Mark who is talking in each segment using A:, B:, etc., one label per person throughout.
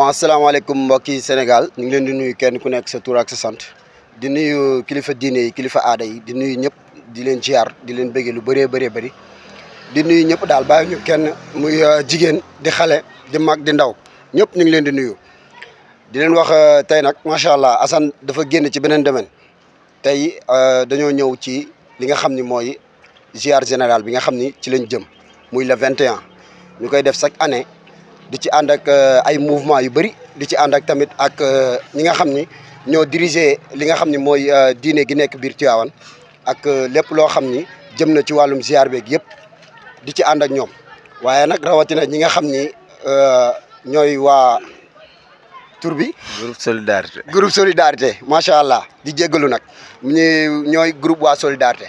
A: bon asalaamaaleykum mbokki Sénégal ñu ngi leen di nuyu kenn ku nekk sa tur ak sa sant di nuyu kilifa diine yi kilifa aada yi di nuyu ñëpp di leen ziar di leen bëggee lu bëree bëree bari di nuyu ñëpp daal bàyyi ñu kenn muy euh, jigéen di xale di mag di ndaw ñëpp ñu ngi leen di nuyu. di leen wax euh, tey nag macha allah Assane dafa génn ci beneen domaine tey euh, dañoo ñëw ci li nga xam ni mooy ziar général bi nga xam ni ci lañ jëm muy le 21 ñu koy def chaque année. di ci ànd ak euh, ay mouvement yu bëri di ci ànd ak tamit ak euh, ñi nga xam ni ñoo diriger li nga xam ni mooy euh, diine gi nekk biir Tivaouane ak lépp loo xam ni jëm na ci wàllum ziar beeg yëpp di ci ànd ak ñoom waaye nag rawatina ñi nga xam ni ñooy waa tur bi.
B: groupe solidarité.
A: groupe solidarité macha allah di jéggalu nag ñu ñooy groupe waa solidarité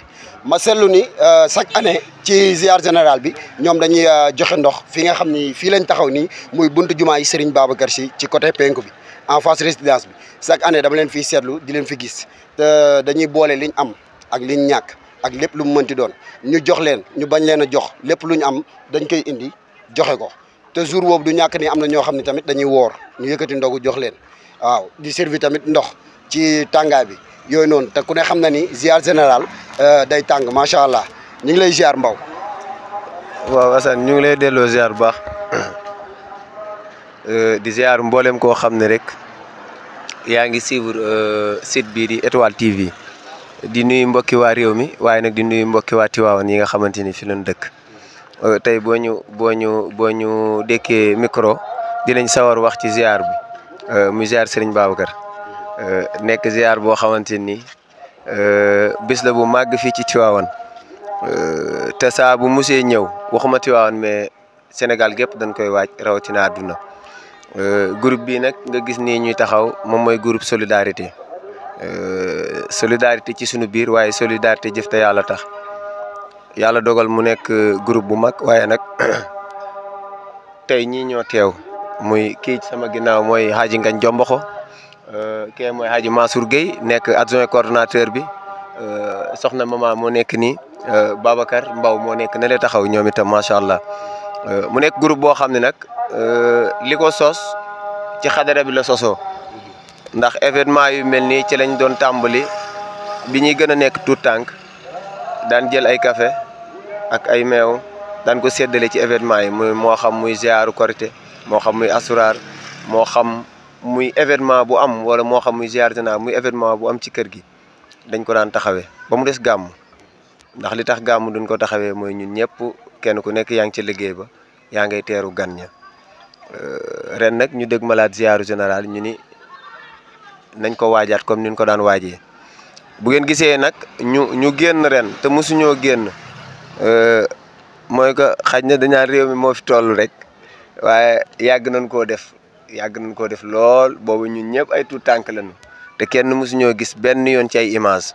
A: ma seetlu ni euh, chaque année ci ziar général bi ñoom dañuy euh, joxe ndox fi nga xam ni fii lañ taxaw nii muy buntu jumaa yi Serigne Babacar Sy ci côté penku bi en face résidence bi chaque année dama leen fiy seetlu di leen fi gis te dañuy boole liñ am ak liñ ñàkk ak lépp lu mu mënti doon ñu jox leen ñu bañ leen a jox lépp lu ñu am dañ koy indi joxe ko. te jour boobu du ñàkk ni am na ñoo xam ne tamit dañuy woor ñu yëkkati ndogu jox leen waaw di servi tamit ndox ci tàngaay bi yooyu noonu te ku ne xam na ni ziar général euh, day tàng macha allah ñu ngi lay ziar mbaw
B: waaw Assane ñu ngi lay delloo ziar bu baax euh, di ziar mboolem koo xam ne rek yaa ngi suivre euh, sit bii di étoile TV di nuyu mbokki waa réew mi waaye nag di nuyu mbokki waa Tiwaawan yi nga xamante ni fi lañ dëkk. Euh, tey boo ñu boo ñu boo ñu dékkee micro dinañ sawar wax ci ziar bi euh, muy ziar Serigne Babacar euh, nekk ziar boo xamante ni bis la bu màgg fii ci Tivaouane te saa bu musee ñëw waxuma Tivaouane mais Sénégal gépp dañ koy waaj rawatina àdduna groupe bi nag nga gis nii ñuy taxaw moom mooy groupe solidarité solidarité ci sunu biir waaye solidarité jëf te yàlla tax. yàlla dogal mu nekk euh, groupe bu mag waaye nag tey ñii ñoo teew muy kii ci sama ginnaaw mooy Hadji Ngagne Diomboxo euh, kee mooy Hadji Mansour Guèye nekk ko ordinateur bi euh, soxna mama moo nekk nii Babacar Mbaw moo nekk na lee taxaw ñoom itam macha allah mu nekk groupe boo xam ne nag li ko sos ci xadara bi la sosoo ndax événement yu mel nii ci lañ doon tàmbali bi ñuy gën a nekk tout tànk daan jël ay kafe ak ay meew daan ko séddale ci événement yi muy moo xam muy ziaru korité moo xam muy asuraar moo xam muy événement bu am wala moo xam muy ziar général muy événement bu am ci kër gi dañ ko daan taxawee ba mu des gàmm ndax li tax gàmm duñ ko taxawee mooy ñun ñëpp kenn ku nekk yaa ngi ci liggéey ba yaa ngay teeru gan ña euh, ren nag ñu dëgg malaat ziaru général ñu ni nañ ko waajaat comme niñ ko daan waajee bu ngeen gisee nag ñu ñu génn ren te mosuñoo génn euh, mooy que xaj na dañaa réew mi moo fi toll rek waaye yàgg nañ koo def yàgg nañ koo def lool boobu ñu ñëpp ay tuut tànk lañu te kenn mosuñoo gis benn yoon ci ay image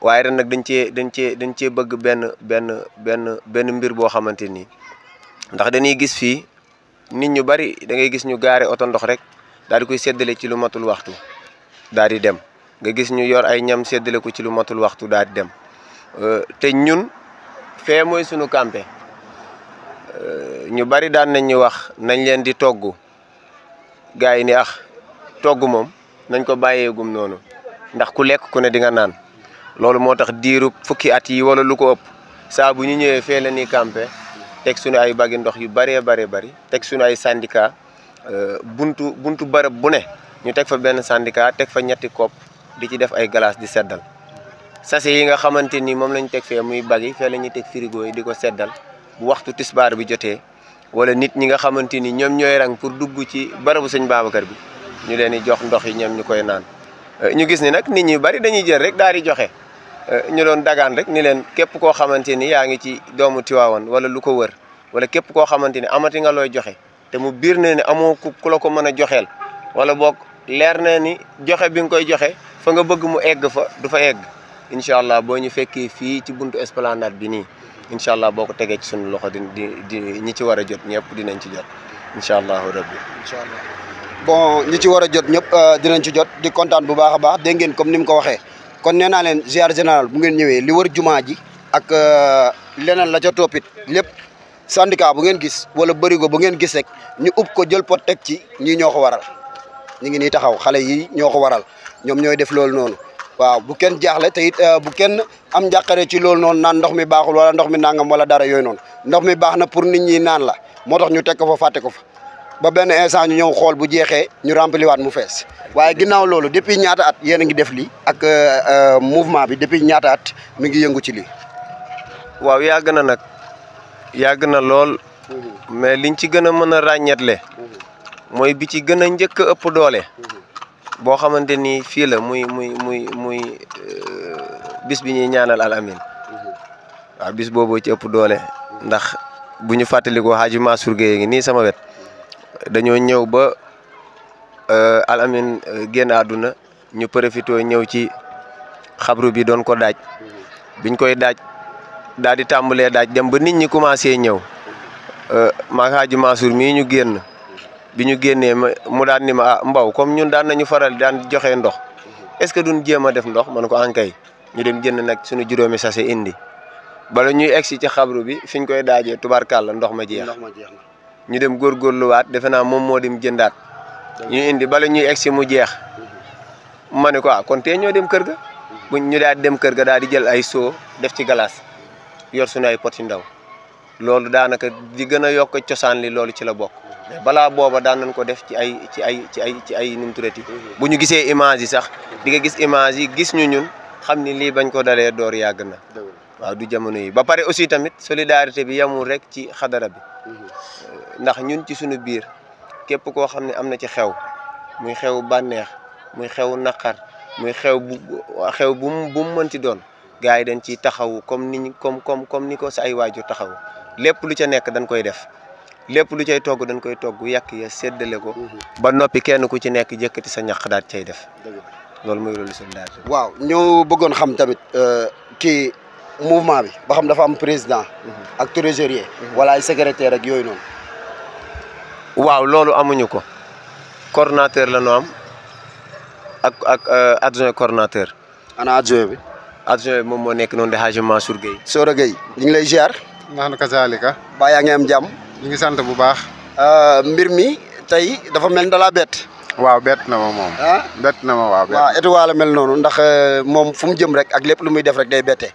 B: waaye ren nag dañ cee dañ cee dañ cee bëgg benn benn benn benn mbir boo xamante ni ndax dañuy gis fii nit ñu bari dangay gis ñu gaare oto ndox rek daal di koy séddale ci lu matul waxtu daal di dem nga gis ñu yor ay ñam sédélé ko ci lu matul waxtu daal dem euh, té ñun fé moy sunu campé euh, ñu bari daan nañ ñu wax nañ leen di toggu gaay ni ax ah, toggu mom nañ ko gum nonu ndax ku lek ku ne di nga naan loolu motax diiru fukki at yi wala lu ko upp sa bu ñu ñëwé fé la ni campé tek suñu ay bagi ndox yu bari bari bari tek suñu ay syndicat euh, buntu buntu bare bu ne ñu tek fa ben syndicat tek fa ñetti di ci def ay glace di seddal sase yi nga xamante ni moom lañ teg fee muy bag fee la ñuy teg frigo yi di ko seddal bu waxtu tisbaar bi jotee wala nit ñi nga xamante ni ñoom ñooy rang pour dugg ci barabu sëñ Babacar bi ñu leen di jox ndox yi ñoom ñu koy naan euh, ñu gis ni nag nit ñi bari dañuy jël rek daal di joxe euh, ñu doon dagaan rek ni leen képp koo xamante ni yaa ngi ci doomu Tiwaawan wala lu ko wër wala képp koo xamante ni amati nga looy joxe te mu biir nee ne amoo ku la ko mën a joxeel wala boog leer na ni joxe bi ngui koy joxe fa nga bëgg mu egg fa du fa egg inshallah allah ñu fekke fi ci buntu esplanade bi ni inshallah allah tege ci sunu loxo di di ñi ci wara a jot ñëpp dinañ ci jot inshallah rabbi inshallah bon
A: ñi ci wara jot ñëpp euh, dinañ ci jot di kontan bu baaxa baax de ngeen comme nim ko waxe kon neena len ziar general bu ngeen ñewé li wër ak euh, leneen la ca topit lepp syndicat bu ngeen gis wala go bu ngeen gis rek ñu upp ko jël pot tek ci ñi ñoko waral ñu ngi nii taxaw xale yi ñoo ko waral ñoom ñooy def loolu noonu waaw bu kenn jaaxle te it euh, bu kenn am njàqare ci loolu noonu naan ndox mi baaxul wala ndox mi nangam wala dara yooyu noonu ndox mi baax na pour nit ñi naan la moo tax ñu teg ko fa fàtte ko fa ba benn instant ñu ñëw xool bu jeexee ñu rempli waat mu fees waaye ginnaaw loolu depuis ñaata at yéen a ngi def lii ak euh, euh, mouvement bi depuis ñaata at mi ngi yëngu ci lii
B: waaw yàgg na nag yàgg na lool mhm. mais liñ ci gën a mën a ràññetle mhm. mooy bi ci gën a njëkk ëpp doole mhm. boo xamante ni fii la muy muy muy muy euh, bis bi ñuy ñaanal al amin mhm. waaw bis boobu ci ëpp doole ndax bu ñu fàttalikoo Hadji Mansour Gueye ngi nii sama wet dañoo ñëw ba euh, al amin euh, génn àdduna ñu profité ñëw ci xabru bi doon ko daaj mhm. biñ koy daaj daal di tàmbalee daaj dem ba nit ñi commencé ñëw maag Hadji Mansour mii ñu génn bi ñu génnee ma mu daan ni ma ah mbaw kom ñun daan nañu faral daan joxe ndox est-ce que duñ jéem a def ndox man ko ankay ah, ñu dem jënd nag suñu juróomi sase indi bala ñuy egsi ci xabru bi fi koy daajee tubarkàlla ndox ma jeex ñu dem góorgóorluwaat defe naa moom moo dem jëndaat ñu indi bala ñuy egsi mu jeex ma ne ko ah kon tey ñoo dem kër ga buñ ñu daal dem kër ga daal di jël ay soo def ci galaas yor suñu ay pot yu ndaw loolu daanaka di gën a yokk cosaan li loolu ci la bokk balaa booba daan nañ ko def ci ay ci ay ci ay ci ay nu bu ñu gisee image yi sax di nga gis image yi gis ñu ñun xam ni lii bañ ko dalee door yàgg na waaw du jamono yi ba pare aussi tamit solidarité bi yamul rek ci xadara bi ndax ñun ci suñu biir képp koo xam ne am na ci xew muy xew bànneex muy xew naqar muy xew bu xew bu mu bu mu doon gars yi dañ ciy taxawu comme niñ comme comme comme ni ko si ay waajur taxawu lépp lu ca nekk dañ koy def lépp lu cay togg dañ koy togg yàq ya seddale ko. ba noppi kenn ku ci nekk jëkkati sa ñaq daal cay def. loolu mooy loolu solidarité. waaw ñoo bëggoon xam
C: tamit
A: euh, kii mouvement bi ba xam dafa am président. Mhm. ak trésorier. Mhm. wala ay secrétaire ak yooyu noonu.
B: waaw loolu amuñu ko. coordonnateur la ñu am ak ak euh, adjoint coordonnateur. ana adjoint bi. adjoint bi moom moo nekk noonu de Hadj sur Gueye. soo Gueye ñu lay ger nahnu kazaalika. baa
A: yaa ngi am jàmm. ñu ngi sant bu baax. Euh, mbir mi tey dafa mel da laa bett. waaw bett na ma moom. ah bett na ma waaw. waaw Étoile mel noonu ndax euh, moom fu mu jëm rek ak lépp lu muy def rek day bete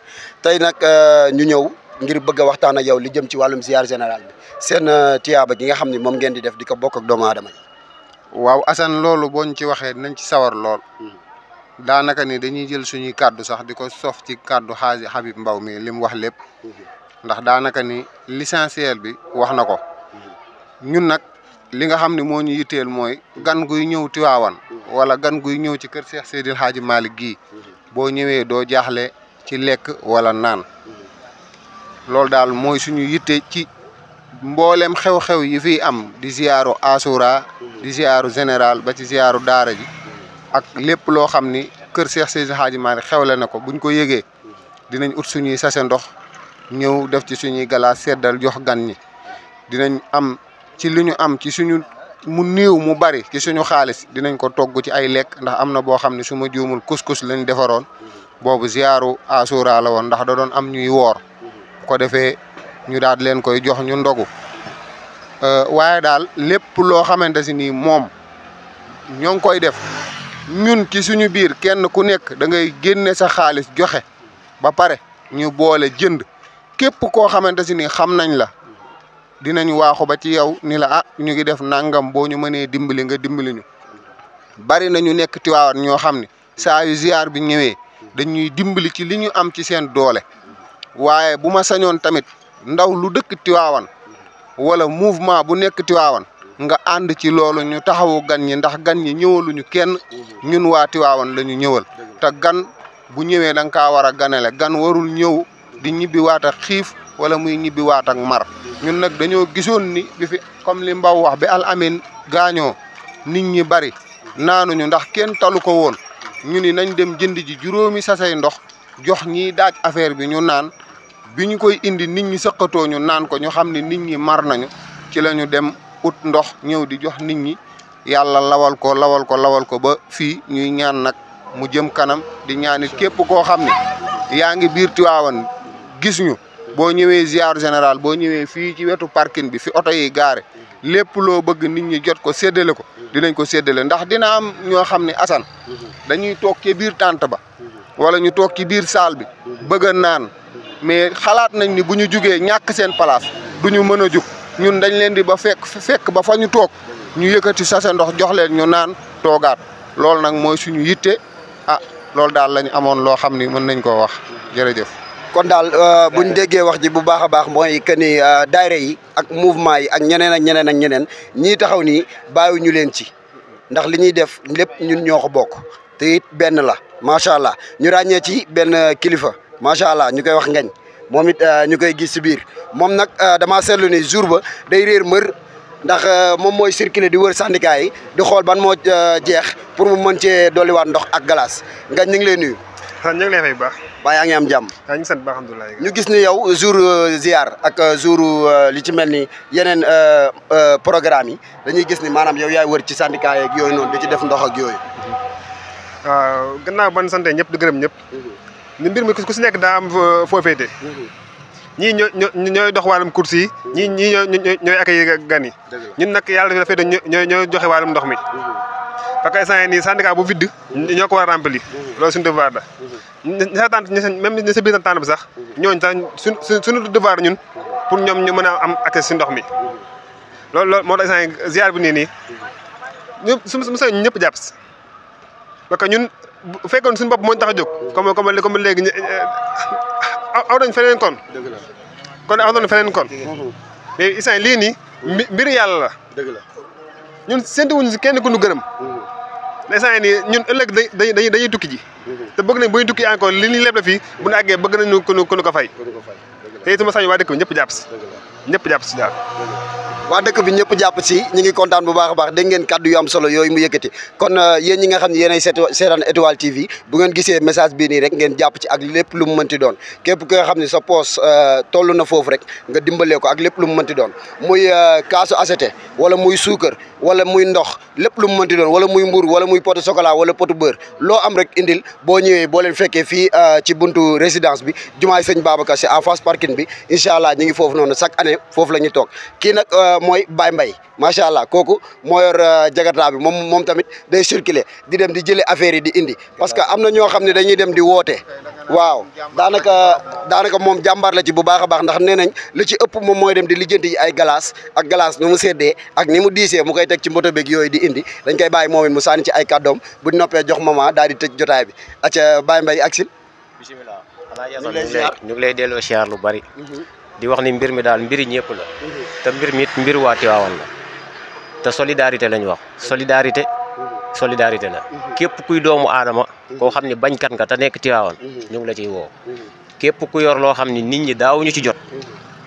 A: tey nag euh, ñu ñëw ngir bëgg a waxtaan ak yow li jëm ci wàllum ziar
C: général bi seen tiyaaba gi nga xam ne moom ngeen di def di ko bokk ak doomu aadama yi. waaw Assane loolu boo ñu ci waxee dinañ ci sawar lool. Hmm. daanaka ni dañuy jël suñuy kàddu sax di ko sof ci kàddu xaasi Habib Mbaw mi li mu wax lépp. Hmm. ndax daanaka ni l'essentiel bi wax na ko ñun nag li nga xam ni moo ñu yitteel mooy gan guy ñëw Tiwaawan wala gan guy ñëw ci kër seex Seydil Hadji Malick gi boo ñëwee doo jaaxle ci lekk wala naan loolu daal mooy suñu yitte ci mboolem xew-xew yi fi am di ziaru asura di ziaru général ba ci ziaru daara ji ak lépp loo xam ni kër Cheikh Seydil Hadji Malick xewle na ko buñ ko yëgee dinañ ut suñuy sase ndox ñëw def ci suñuy gala seddal jox gan ñi dinañ am ci li ñu am ci suñu mu néew mu bari ci suñu xaalis dinañ ko togg ci ay lekk ndax am na boo xam ne su ma juumul kus-kus lañ defaroon boobu siyaaru asura la woon ndax da doon am ñuy woor ko defee ñu daal leen koy jox ñu ndogu euh, waaye daal lépp loo xamante si nii moom ñoo ngi koy def ñun ci suñu biir kenn ku nekk da ngay génne sa xaalis joxe ba pare ñu boole jënd képp koo xamante si ni xam nañ la dinañ waaxu ba ci yow ni la ah ñu ngi def nangam boo ñu mënee dimbali nga dimbali ñu bari na ñu nekk Tiwaawan ñoo xam ne saa yu ziar bi ñëwee dañuy dimbali ci li ñu am ci seen doole waaye bu ma sañoon tamit ndaw lu dëkk Tiwaawan wala mouvement bu nekk Tiwaawan nga ànd ci loolu ñu taxawu gan ñi ndax gan ñi ñëwaluñu kenn ñun waa Tiwaawan la ñu ñëwal te gan bu ñëwee da kaa war a le gan warul ñëw di ñibbi waat ak xiif wala muy ñibbi waat ak mar ñun nag dañoo gisoon ni bi fi comme li mbaw wax bi al amin gaañoo nit ñi bari naanuñu ndax kenn talu ko woon ñu ni nañ dem jënd ji juróomi sasay ndox jox ñiy daaj affaire bi ñu naan bi ñu koy indi nit ñi sëqatoo ñu naan ko ñu xam ni nit ñi mar nañu ci la dem ut ndox ñëw di jox nit ñi yàlla lawal ko lawal ko lawal ko ba fii ñuy ñaan nag mu jëm kanam di ñaanit képp koo xam ni yaa ngi biir Tiwaawan gis ñu boo ñëwee ziar général boo ñëwee fii ci wetu parkin bi fi oto yi gaare lépp loo bëgg nit ñi jot ko séddale ko dinañ ko séddale ndax dina am ñoo xam ne Assane dañuy toog ci biir tànt ba wala ñu toog ci biir saal bi bëgg a naan mais xalaat nañ ni bu ñu jugee ñàkk seen place du ñu mën a jug ñun dañ leen di ba fekk fekk ba fa ñu toog ñu yëkkati sase ndox jox leen ñu naan toogaat loolu nag mooy suñu yitte ah loolu daal lañu amoon loo xam ni mën nañ koo wax jërëjëf kon dal euh, bu déggé wax ji bu baaxa baax moy que ni euh, daayira yi
A: ak mouvement yi ak ñeneen ak ñeneen ak ñeneen ñi taxaw baawu ñu leen ci ndax li ñuy def lepp ñun ñoko bok bokk te it ben la macha allah ñu rañé ci ben kilifa macha allah ñu wax ngañ momit euh, ñukay gis ci biir mom nak dama sétlu ni jour ba day mër ndax mom moy circuler di wër syndicat yi di xol ban mo jeex pour mu mën doli dolliwaat ndox ak glace ngañ ñing nuyu. ñu ngi waaye yaa ngi am jàmm. yaa sant bu ñu gis ni yow jour euh, ziar ak euh, jour euh, li ci mel ni yeneen programme yi dañuy gis ni maanaam yow yaay wër ci syndicat yeeg yooyu noonu di ci def ndox ak yooyu.
C: gannaaw ban sant ñëpp di gërëm ñëpp. Mm-hmm. ni mbir mi ku si nekk daa am foo féete. Mm-hmm. ñii ñoo ñooy dox wàllum course yi. Mm-hmm. ñii ñii ñooy ñooy ñooy accueillir gan yi. ñun nag yàlla dafay ñooy ñooy joxe wàllum ndox mi. parce que instant yii nii syndicat bu vide ñoo ko war a remplir loolu suñu devoir la ñi sa tànn ñi sa même ñi sa biir tànn bi sax ñooñu sax suñ suñu devoir ñun pour ñoom ñu mën a am accès si ndox mi loolu loolu moo tax su ma sañ ñëpp jàpp si parce que ñun bu fekkoon suñu bopp moo ñu tax a jóg comme comme comme léegi ñu eh, aw nañ feneen kon kon aw nañ feneen mais instant lii nii mbiru yàlla la ñun séntu wuñ si kenn ku ñu gërëm mm. ndeysaan nii ñun ëllëg dañuy dañuy tukki ji te bëgg nañ bu ñu tukki encore li ñu leble fii bu ñu àggee bëgg nañu ko ko nu ko fay te ituma sañ waa dëkk ñëpp jàpp si ñëpp jàpp si
A: daal waa dëkk bi ñëpp jàpp si ñu ngi kontaan bu baax a baax dégg ngeen kàddu yu am solo yooyu mu yëkkati kon euh, yéen ñi nga xam ne yéenay seetaan étoile TV bu ngeen gisee message bii nii rek ngeen jàpp ci ak lépp lu mu mënti doon képp ki nga xam ne sa poos euh, toll na foofu rek nga dimbalee ko ak lépp lu mu mënti doon muy euh, kaasu aseté wala muy suukar wala muy ndox lépp lu mu mënti doon wala muy mbuur wala muy pot chocolat wala potu beurre loo am rek indil boo ñëwee boo leen fekkee fii euh, ci buntu résidence bi jumaay sëñ Babacar Sy en face parking bi incha allah ñu ngi foofu noonu chaque ane foofu la ñuy toog kii nag euh, mooy Baye mbay macha allah kooku moo yor euh, jagarta bi moom moom tamit day circuler di dem di jëlee affaire yi di indi parce que am na ñoo xam ne dañuy dem di woote waaw daanaka daanaka moom jàmbaar la ci bu baax a baax ndax nee nañ li ci ëpp moom mooy dem di lijjanti ay glace ak glace mu seddee ak ni mu diisee mu koy teg ci moto beeg yooyu di di indi dañ koy bàyyi moom it mu sànni ci ay kàddoom bu noppee jox maman daal di tëj jotaay bi acca Baye Mbaye ak sil
B: ñu ngi lay delloo siyaar lu bari mhm. di wax ni mbir mi daal mbiri ñëpp la mhm. te mbir mi it mbir wa Tiwaawan la te solidarité lañ wax mhm. solidarité solidarité la képp kuy doomu aadama koo xam ne bañkat nga te nekk Tiwaawan ñu ngi la ciy woo képp ku yor loo xam ne nit ñi daawuñu ci jot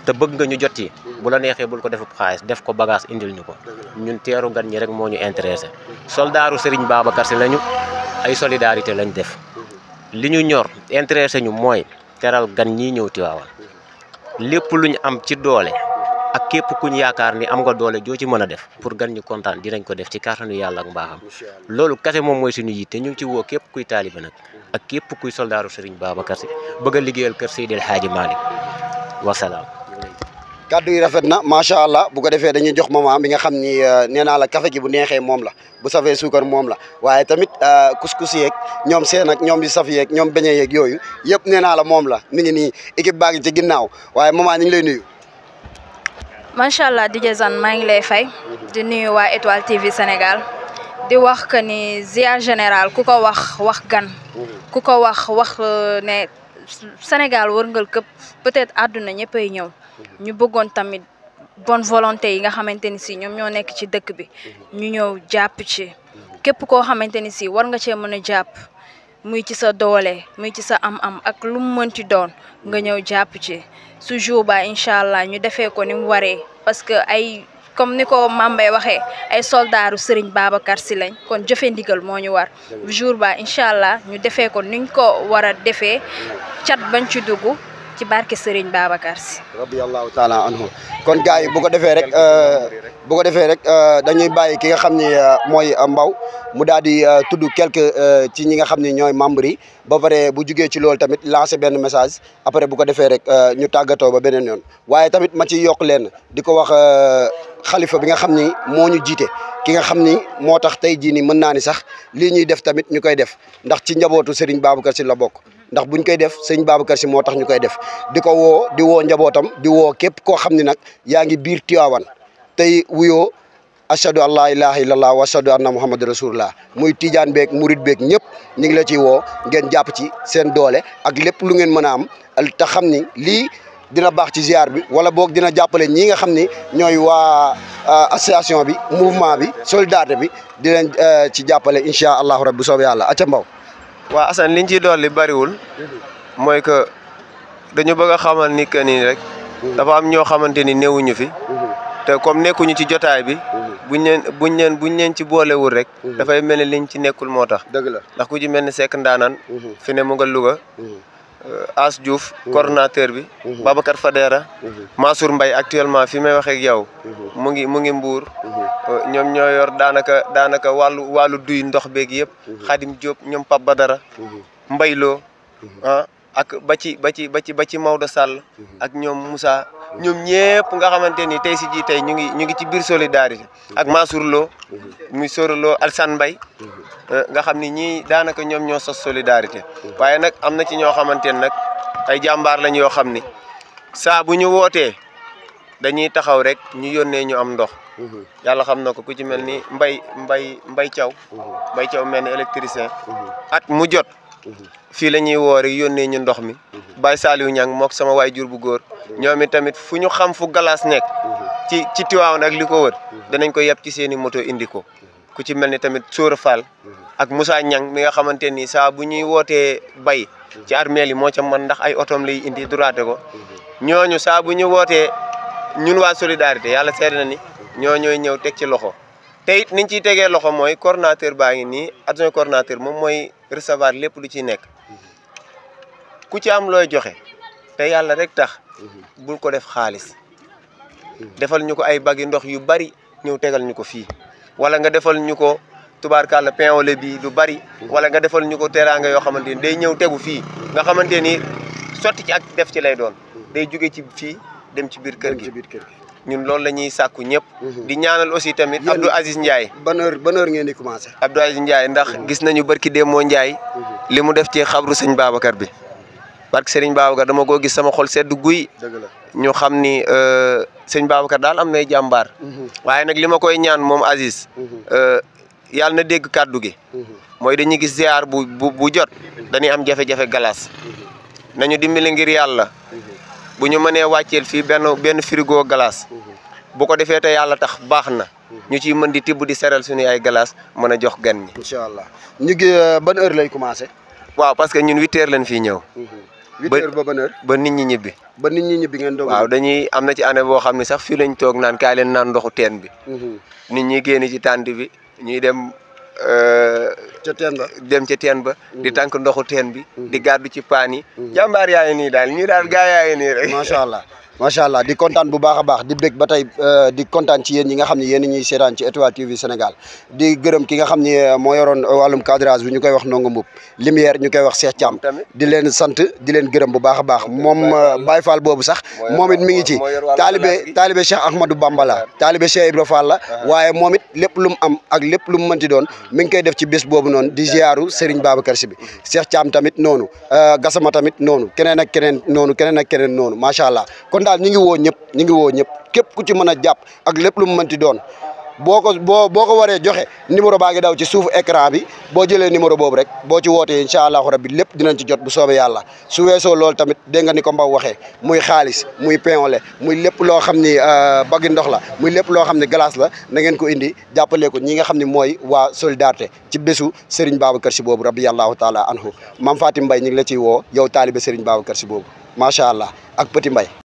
B: te bëgg nga ñu jot ci bu la neexee bul ko def xaalis def ko bagage indil ñu ko ñun teeru gan ñi rek moo ñu intéressé soldaaru Serigne Babacar Sy lañu ay solidarité lañ def li ñu ñor intéressé ñu mooy teral gan ñi ñëw Tiwaawan lépp lu ñu am ci doole ak képp ñu yaakaar ni am nga doole joo ci mën a def pour gan ñu kontaan dinañ ko def ci kàttanu yàlla ak mbaaxam loolu kese moom mooy suñu te ñu ngi ci woo képp kuy taalibe nag ak képp kuy soldaaru Serigne Babacar Sy bëgg a liggéeyal kër Seydil Hadji Malick
A: kàddu yi rafet na macha allah bu ko defee dañuy jox maman bi nga xam ni euh, nee naa la café gi bu neexee moom la bu safee suukar moom la waaye tamit euh, couscous yeeg ñoom seen ak ñoom yu saf yeeg ñoom beñe yeg yooyu yëpp nee naa la moom la mi ngi nii équipe baa ngi ginnaaw waaye maman ñu ngi lay nuyu.
B: macha allah DJ Zane maa ngi lay fay di nuyu waa Étoile TV Sénégal di wax que ni ziar général ku ko wax wax gan mhm. ku ko wax wax euh, ne. Sénégal wërngal këpp peut-être àdduna ñëppay ñëw mhm. ñu bëggoon tamit bonne volonté yi nga xamante ni si ñoom ñoo nekk ci dëkk bi mhm. ñu ñëw jàpp ci mhm. képp koo xamante ni si war nga cee mën a jàpp muy ci sa doole muy ci sa am-am ak lu mu mënti doon nga ñëw jàpp ci su jour ba incha allah ñu defee ko ni mu waree ay comme ni ko Mambay waxee ay soldaaru Serigne Babacar Sy lañ kon jëfe ndigal moo ñu war jour ba incha allah ñu defee ko niñ ko war a defee cat bañ ci dugg ci barke Serigne Babacar Sy
A: kon gars yi bu ko defee rek euh, bu ko defee rek euh, dañuy bàyyi ki nga xam ne euh, mooy Mbaw mu daal di tudd quelque ci ñi nga xam ne ñooy membres yi ba pare bu jugee ci loolu tamit lancé benn message après bu ko defee rek ñu tàggatoo ba beneen yoon waaye tamit ma ci yokk leen di ko wax xalifa bi nga xam ni moo ñu jiite ki nga xam ni moo tax tey jii nii mën naa ni sax lii ñuy def tamit ñu koy def ndax ci njabootu Serigne Babacar Sy la bokk ndax buñ koy def sëñ Babacar Sy moo tax ñu koy def di ko woo di woo njabootam di woo képp koo xam ni nag yaa ngi biir Tiwaawan tey wuyoo ashadu an laa ilaha illallah wa ashadu anna muhammadu rasulullah muy tijaan beeg murit beek ñëpp ñu ngi la ciy woo ngeen jàpp ci seen doole ak lépp lu ngeen mën a am te xam ni lii dina baax ci ziar bi wala boog dina jàppale ñi nga xam ni ñooy waa euh, association bi mouvement bi solidarité bi di leen euh, ci jàppale incha allahu rabbi soob yàlla aca mbaw
B: waa assan liñ ciy dolli bariwul mooy que dañu bëgg a xamal ni que nii rek dafa am ñoo xamante ni néewuñu fi te comme nekkuñu ci jotaay bi buñ leen buñ leen buñ leen ci boolewul rek dafay mel ni liñ ci nekkul moo tax dëgg la ndax ku ci mel ni Seck Ndaanaan fi ne mu nga Louga Euh, As Diouf mhm. ordinateur bi mhm. Babacar Fadera mhm. Mansour Mbaye actuellement fi may waxee ak yow mu ngi mu ngi mbuur euh, ñoom ñoo yor daanaka daanaka wàllu wàllu duy ndox beeg yëpp Khadim Diop ñoom ba dara Mbayloo ah ak ba ci ba ci ba ci ba ci Maodo Sall. Mhm. ak ñoom Moussa. ñoom ñëpp nga xamante ni tey si ji tey ñu ngi ñu ngi ci biir solidarité. Mhm. ak Mansour Lo. Mhm. muy Soro Lo Alsane Mbaye euh, nga xam ni ñii daanaka ñoom ñoo sos solidarité. waaye nag am na ci ñoo xamante ne nag ay jàmbaar lañ yoo xam ni saa bu ñu wootee dañuy taxaw rek ñu yónnee ñu am ndox. yàlla xam na ko ku ci mel ni mbay mbay mbay Thiaw. mbay Thiaw mel ni électricien. mu jot. fii la ñuy woor yónnee ñu ndox mi Baye Saliou Niang mook sama waay jur bu góor ñoom tamit fu ñu xam fu galaas nekk ci ci Tiwaawan ak li ko wër danañ ko yeb ci seen i moto indi ko ku ci mel ni tamit Sóora Fall ak Moussa ñang mi nga xamante ni saa bu ñuy wootee bay ci armeel yi moo ca mën ndax ay otoom lay indi duraate ko ñooñu saa bu ñu wootee ñun waa solidarité yàlla seede na ni ñoo ñooy ñëw teg ci loxo te niñ ciy tegee loxo mooy coordonnateur baa ngi nii adjoint moom mooy recevoir lépp lu ciy nekk ku ci am looy joxe te yàlla rek tax bul ko def xaalis defal ñu ko ay bagi ndox yu bari ñëw tegal ñu ko fii wala nga defal ñu ko tubaarkàlla pain au lait bi du bari wala nga defal ñu ko teraanga yoo xamante ni day ñëw tegu fii nga xamante ni sotti ci ak def ci lay doon day jóge ci fii dem ci biir kër gi ñun loolu nyi ñuy sàkku ñëpp. Mhm. di ñaanal aussi tamit Abdou Aziz Ndiaye. bonheur bonheur ngeen di commencé. Abdou Aziz Ndiaye ndax mhm. gis nañu barki Demba Ndiaye. Mhm. li mu def ci xabru sëñ Babacar bi. barki Serigne Babacar dama koo gis sama xol sedd guy. ñu xam ni euh, sëñ Babacar daal am nay jàmbaar. waaye nag li ma koy ñaan moom Aziz. Euh, yàlla na dégg kàddu gi. mooy dañuy gis ziar bu bu bu jot. dañuy am jafe-jafe galaas. nañu dimbali ngir yàlla. bu ñu manee wàcceel fii benn benn frigo glace mhm. bu ko defee te yàlla tax baax na mhm. ñu ciy mën di tibb di seral suñu ay glace mën a jox gan ñi. incha allah
A: euh, ban heure lay commencé.
B: waaw parce que ñun huit heures lañ fiy ñëw. Mhm. huit heures ba ban heure ba nit ñi ñibbi.
A: ba nit ñi ñibbi ngeen doog waaw
B: dañuy am na ci année boo xam ne sax fii lañ toog naan kaay leen naan doxu teen bi. nit ñi génn ci tànt bi ñuy dem. Euh, ca teen ba dem ca teen ba. Mm-hmm. di tànk doxu teen bi. di mm-hmm. gàddu ci paan yi. Mm-hmm. jàmbaar yaa ngi nii daal ñii daal gaa yaa ngi macha allah.
A: macha di kontan bu baakha baax di bég batay, euh, di kontan ci yeen yi nga xamni yeen ñi ñuy ci Étoile TV Sénégal di gërëm ki nga xamni euh, mo yoron euh, walum cadrage bi ñu wax Ndongo Mboup lumière ñu wax Cheikh cham di leen sant di leen gërëm bu baakha baax mom Baye Fall boobu sax momit mi ngi ci talibé talibé Cheikh Ahmadou Bamba la taalibe Cheikh Ibra Fall la waaye moom it lu mu am ak lepp lu mu doon mi ngi koy def ci bës bobu non di ziaru Serigne Babacar sibi Cheikh cham tamit nonu Gassama tamit nonu keneen ak keneen nonu, keneen ak keneen nonu kon daal ñu ngi woo ñëpp ñu ngi woo ñëpp képp ku ci mën a jàpp ak lépp lu mu mënti doon boo ko boo boo ko waree joxe numéro baa ngi daw ci suufu écran bi boo jëlee numéro boobu rek boo ci wootee incha allahu rabbi lépp dinañ ci jot bu soobe yàlla su weesoo loolu tamit dégg nga ni ko mbaw waxee muy xaalis muy pain muy lépp loo xam ni euh, baggi ndox la muy lépp loo xam ne glace la na ngeen ko indi jàppale ko ñi nga xam ni mooy waa solidarité ci bésu Serigne Babacar Sy boobu rabbi yàllaahu taala anhu maam Fatim Mbaye ñu ngi la ciy woo yow taalibe Serigne Babacar Sy boobu macha allah ak Petit Mbaye